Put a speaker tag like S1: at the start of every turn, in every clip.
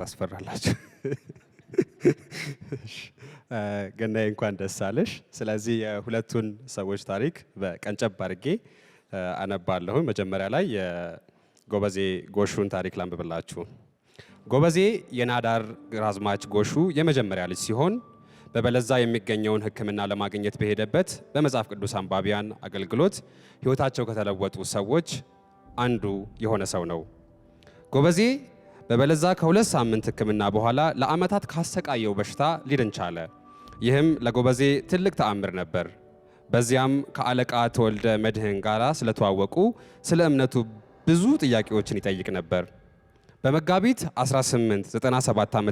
S1: ታስፈራላችሁ። ገናዬ እንኳን ደስ አለሽ። ስለዚህ የሁለቱን ሰዎች ታሪክ በቀንጨብ አድርጌ አነባለሁ። መጀመሪያ ላይ የጎበዜ ጎሹን ታሪክ ላንብብላችሁ። ጎበዜ የናዳር ራዝማች ጎሹ የመጀመሪያ ልጅ ሲሆን በበለዛ የሚገኘውን ሕክምና ለማግኘት በሄደበት በመጽሐፍ ቅዱስ አንባቢያን አገልግሎት ሕይወታቸው ከተለወጡ ሰዎች አንዱ የሆነ ሰው ነው። ጎበዜ በበለዛ ከሁለት ሳምንት ሕክምና በኋላ ለዓመታት ካሰቃየው በሽታ ሊድን ቻለ። ይህም ለጎበዜ ትልቅ ተአምር ነበር። በዚያም ከአለቃ ተወልደ መድህን ጋር ስለተዋወቁ ስለ እምነቱ ብዙ ጥያቄዎችን ይጠይቅ ነበር። በመጋቢት 1897 ዓ ም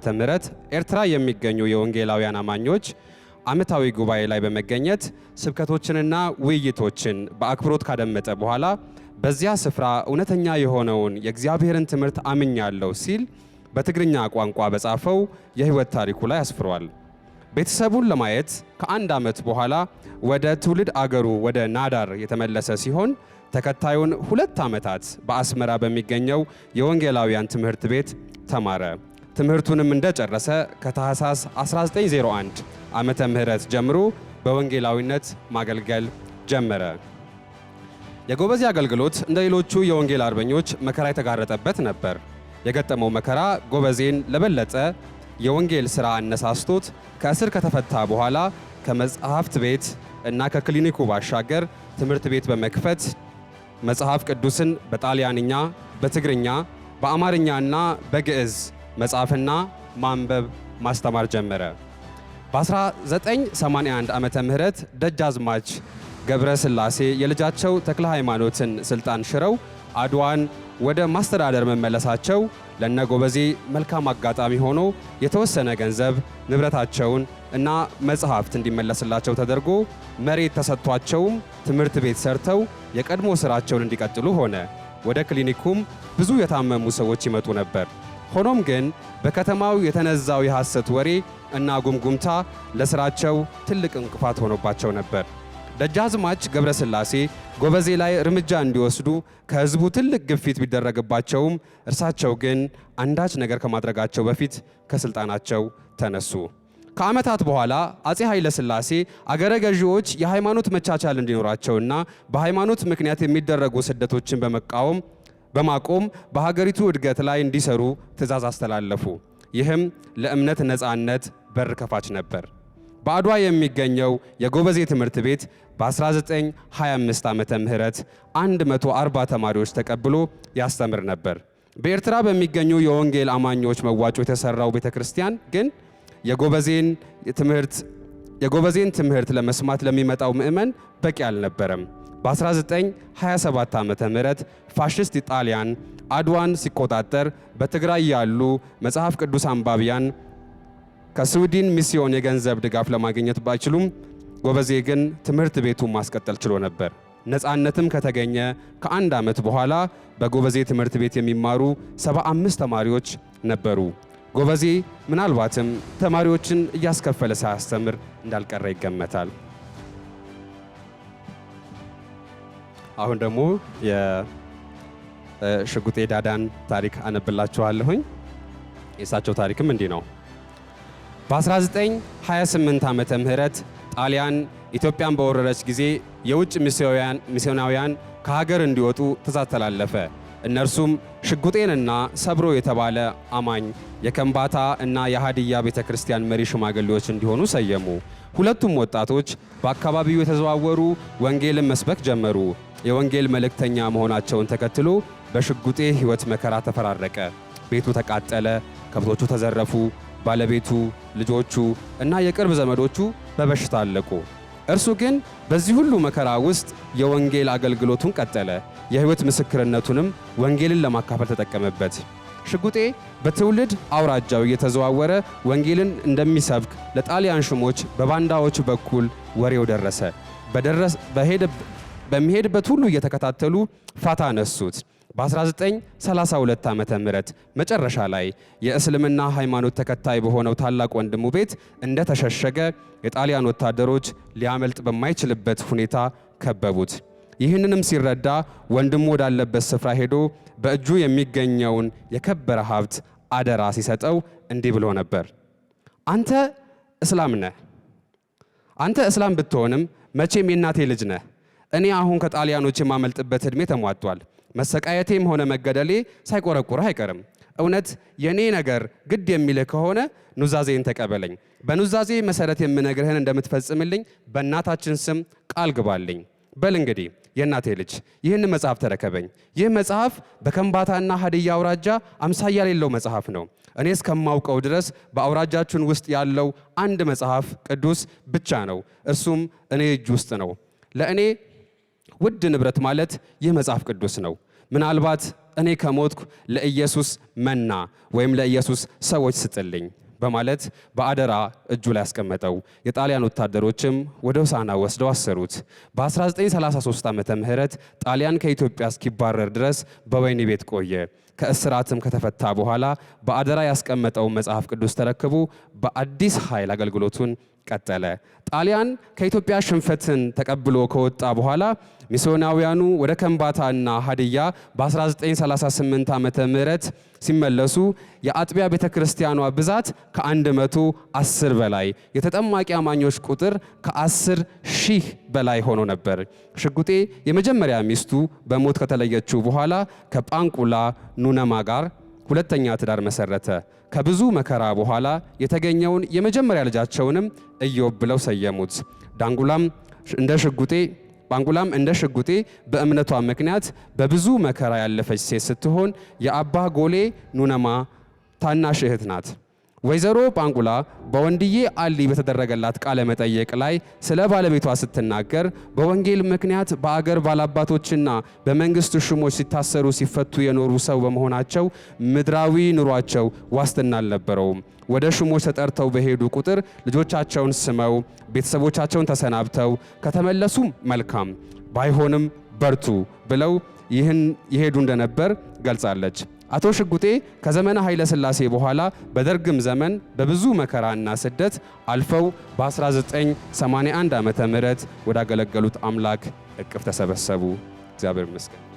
S1: ኤርትራ የሚገኙ የወንጌላውያን አማኞች ዓመታዊ ጉባኤ ላይ በመገኘት ስብከቶችንና ውይይቶችን በአክብሮት ካደመጠ በኋላ በዚያ ስፍራ እውነተኛ የሆነውን የእግዚአብሔርን ትምህርት አምኛለሁ ሲል በትግርኛ ቋንቋ በጻፈው የህይወት ታሪኩ ላይ አስፍሯል። ቤተሰቡን ለማየት ከአንድ ዓመት በኋላ ወደ ትውልድ አገሩ ወደ ናዳር የተመለሰ ሲሆን ተከታዩን ሁለት ዓመታት በአስመራ በሚገኘው የወንጌላውያን ትምህርት ቤት ተማረ። ትምህርቱንም እንደጨረሰ ከታህሳስ 1901 ዓመተ ምህረት ጀምሮ በወንጌላዊነት ማገልገል ጀመረ። የጎበዜ አገልግሎት እንደ ሌሎቹ የወንጌል አርበኞች መከራ የተጋረጠበት ነበር። የገጠመው መከራ ጎበዜን ለበለጠ የወንጌል ሥራ አነሳስቶት ከእስር ከተፈታ በኋላ ከመጽሐፍት ቤት እና ከክሊኒኩ ባሻገር ትምህርት ቤት በመክፈት መጽሐፍ ቅዱስን በጣሊያንኛ፣ በትግርኛ፣ በአማርኛና በግዕዝ መጻፍና ማንበብ ማስተማር ጀመረ። በ1981 ዓ ም ደጃዝማች ገብረ ስላሴ የልጃቸው ተክለ ሃይማኖትን ስልጣን ሽረው አድዋን ወደ ማስተዳደር መመለሳቸው ለነ ጎበዜ መልካም አጋጣሚ ሆኖ የተወሰነ ገንዘብ ንብረታቸውን እና መጽሐፍት እንዲመለስላቸው ተደርጎ መሬት ተሰጥቷቸውም ትምህርት ቤት ሰርተው የቀድሞ ስራቸውን እንዲቀጥሉ ሆነ። ወደ ክሊኒኩም ብዙ የታመሙ ሰዎች ይመጡ ነበር። ሆኖም ግን በከተማው የተነዛው የሐሰት ወሬ እና ጉምጉምታ ለስራቸው ትልቅ እንቅፋት ሆኖባቸው ነበር። ደጃዝማች ገብረስላሴ ጎበዜ ላይ እርምጃ እንዲወስዱ ከህዝቡ ትልቅ ግፊት ቢደረግባቸውም እርሳቸው ግን አንዳች ነገር ከማድረጋቸው በፊት ከስልጣናቸው ተነሱ። ከዓመታት በኋላ አጼ ኃይለ ሥላሴ አገረ ገዢዎች የሃይማኖት መቻቻል እንዲኖራቸውና በሃይማኖት ምክንያት የሚደረጉ ስደቶችን በመቃወም በማቆም በሀገሪቱ እድገት ላይ እንዲሰሩ ትእዛዝ አስተላለፉ። ይህም ለእምነት ነፃነት በር ከፋች ነበር። በአድዋ የሚገኘው የጎበዜ ትምህርት ቤት በ1925 ዓመተ ምህረት 140 ተማሪዎች ተቀብሎ ያስተምር ነበር። በኤርትራ በሚገኙ የወንጌል አማኞች መዋጮ የተሰራው ቤተ ክርስቲያን ግን የጎበዜን ትምህርት የጎበዜን ትምህርት ለመስማት ለሚመጣው ምዕመን በቂ አልነበረም። በ1927 ዓ ምህረት ፋሽስት ኢጣሊያን አድዋን ሲቆጣጠር በትግራይ ያሉ መጽሐፍ ቅዱስ አንባቢያን ከስዊድን ሚስዮን የገንዘብ ድጋፍ ለማግኘት ባይችሉም ጎበዜ ግን ትምህርት ቤቱን ማስቀጠል ችሎ ነበር። ነፃነትም ከተገኘ ከአንድ ዓመት በኋላ በጎበዜ ትምህርት ቤት የሚማሩ 75 ተማሪዎች ነበሩ። ጎበዜ ምናልባትም ተማሪዎችን እያስከፈለ ሳያስተምር እንዳልቀረ ይገመታል። አሁን ደግሞ የሽጉጤ ዳዳን ታሪክ አነብላችኋለሁኝ። የእሳቸው ታሪክም እንዲህ ነው። በ1928 ዓመተ ምህረት ጣሊያን ኢትዮጵያን በወረረች ጊዜ የውጭ ሚስዮናውያን ከሀገር እንዲወጡ ትእዛዝ ተላለፈ። እነርሱም ሽጉጤንና ሰብሮ የተባለ አማኝ የከምባታ እና የሀዲያ ቤተ ክርስቲያን መሪ ሽማግሌዎች እንዲሆኑ ሰየሙ። ሁለቱም ወጣቶች በአካባቢው የተዘዋወሩ ወንጌልን መስበክ ጀመሩ። የወንጌል መልእክተኛ መሆናቸውን ተከትሎ በሽጉጤ ሕይወት መከራ ተፈራረቀ። ቤቱ ተቃጠለ፣ ከብቶቹ ተዘረፉ፣ ባለቤቱ ልጆቹ እና የቅርብ ዘመዶቹ በበሽታ አለቁ። እርሱ ግን በዚህ ሁሉ መከራ ውስጥ የወንጌል አገልግሎቱን ቀጠለ። የሕይወት ምስክርነቱንም ወንጌልን ለማካፈል ተጠቀመበት። ሽጉጤ በትውልድ አውራጃው እየተዘዋወረ ወንጌልን እንደሚሰብክ ለጣሊያን ሽሞች በባንዳዎች በኩል ወሬው ደረሰ። በሚሄድበት ሁሉ እየተከታተሉ ፋታ ነሱት። በ1932 ዓመተ ምህረት መጨረሻ ላይ የእስልምና ሃይማኖት ተከታይ በሆነው ታላቅ ወንድሙ ቤት እንደተሸሸገ የጣሊያን ወታደሮች ሊያመልጥ በማይችልበት ሁኔታ ከበቡት። ይህንንም ሲረዳ ወንድሙ ወዳለበት ስፍራ ሄዶ በእጁ የሚገኘውን የከበረ ሀብት አደራ ሲሰጠው እንዲህ ብሎ ነበር። አንተ እስላም ነህ። አንተ እስላም ብትሆንም መቼም የእናቴ ልጅ ነህ። እኔ አሁን ከጣሊያኖች የማመልጥበት ዕድሜ ተሟጧል። መሰቃየቴም ሆነ መገደሌ ሳይቆረቁረህ አይቀርም። እውነት የእኔ ነገር ግድ የሚልህ ከሆነ ኑዛዜን ተቀበለኝ። በኑዛዜ መሰረት የምነግርህን እንደምትፈጽምልኝ በእናታችን ስም ቃል ግባልኝ። በል እንግዲህ የእናቴ ልጅ ይህን መጽሐፍ ተረከበኝ። ይህ መጽሐፍ በከምባታና ሀዲያ አውራጃ አምሳያ ሌለው መጽሐፍ ነው። እኔ እስከማውቀው ድረስ በአውራጃችን ውስጥ ያለው አንድ መጽሐፍ ቅዱስ ብቻ ነው። እርሱም እኔ እጅ ውስጥ ነው። ለእኔ ውድ ንብረት ማለት ይህ መጽሐፍ ቅዱስ ነው። ምናልባት እኔ ከሞትኩ ለኢየሱስ መና ወይም ለኢየሱስ ሰዎች ስጥልኝ በማለት በአደራ እጁ ላይ ያስቀመጠው። የጣሊያን ወታደሮችም ወደ ሆሳዕና ወስደው አሰሩት። በ1933 ዓ ም ጣሊያን ከኢትዮጵያ እስኪባረር ድረስ በወህኒ ቤት ቆየ። ከእስራትም ከተፈታ በኋላ በአደራ ያስቀመጠውን መጽሐፍ ቅዱስ ተረክቦ በአዲስ ኃይል አገልግሎቱን ቀጠለ። ጣሊያን ከኢትዮጵያ ሽንፈትን ተቀብሎ ከወጣ በኋላ ሚስዮናውያኑ ወደ ከምባታና ሀድያ በ1938 ዓመተ ም ሲመለሱ የአጥቢያ ቤተ ክርስቲያኗ ብዛት ከ110 በላይ፣ የተጠማቂ አማኞች ቁጥር ከ10 ሺህ በላይ ሆኖ ነበር። ሽጉጤ የመጀመሪያ ሚስቱ በሞት ከተለየችው በኋላ ከጳንቁላ ኑነማ ጋር ሁለተኛ ትዳር መሰረተ። ከብዙ መከራ በኋላ የተገኘውን የመጀመሪያ ልጃቸውንም ኢዮብ ብለው ሰየሙት። ዳንጉላም እንደ ሽጉጤ ባንጉላም እንደ ሽጉጤ በእምነቷ ምክንያት በብዙ መከራ ያለፈች ሴት ስትሆን የአባ ጎሌ ኑነማ ታናሽ እህት ናት። ወይዘሮ ጳንጉላ በወንድዬ አሊ በተደረገላት ቃለ መጠየቅ ላይ ስለ ባለቤቷ ስትናገር በወንጌል ምክንያት በአገር ባላባቶችና በመንግስት ሹሞች ሲታሰሩ ሲፈቱ የኖሩ ሰው በመሆናቸው ምድራዊ ኑሯቸው ዋስትና አልነበረውም። ወደ ሹሞች ተጠርተው በሄዱ ቁጥር ልጆቻቸውን ስመው ቤተሰቦቻቸውን ተሰናብተው ከተመለሱም መልካም ባይሆንም በርቱ ብለው ይህን ይሄዱ እንደነበር ገልጻለች። አቶ ሽጉጤ ከዘመነ ኃይለ ሥላሴ በኋላ በደርግም ዘመን በብዙ መከራና ስደት አልፈው በ1981 ዓመተ ምህረት ወዳገለገሉት አምላክ እቅፍ ተሰበሰቡ። እግዚአብሔር ይመስገን።